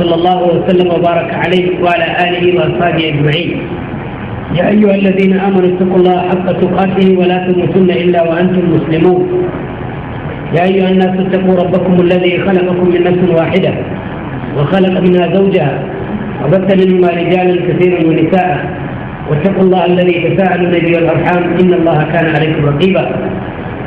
صلى الله وسلم وبارك عليه وعلى آله وأصحابه أجمعين يا أيها الذين آمنوا اتقوا الله حق تقاته ولا تموتن إلا وأنتم مسلمون يا أيها الناس اتقوا ربكم الذي خلقكم من نفس واحدة وخلق منها زوجها وبث منهما رجالا كثيرا ونساء واتقوا الله الذي تساءلون به والأرحام إن الله كان عليكم رقيبا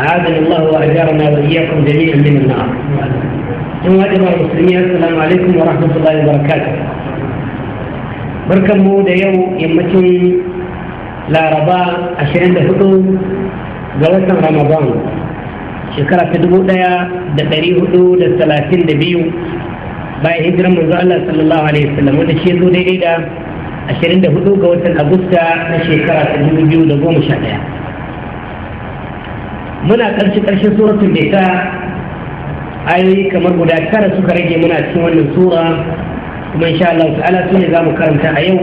أعاذني الله وأجارنا وإياكم جميعا من النار. أيها الإخوة المسلمين السلام عليكم ورحمة الله وبركاته. بركم مودة يو يمتن لا ربا عشان دهدو جلسة رمضان. شكرا في دبو دايا دقري هدو دسلاسين دبيو باي هجرة من الله صلى الله عليه وسلم ونشيدو دي ايدا عشان دهدو جلسة أغسطة نشيكرا في دبو دبو مشاكيا. muna ƙarshe ƙarshen da ta ayoyi kamar guda tara suka rage muna cikin wannan sura kuma insha Allah ta'ala su ne za mu karanta a yau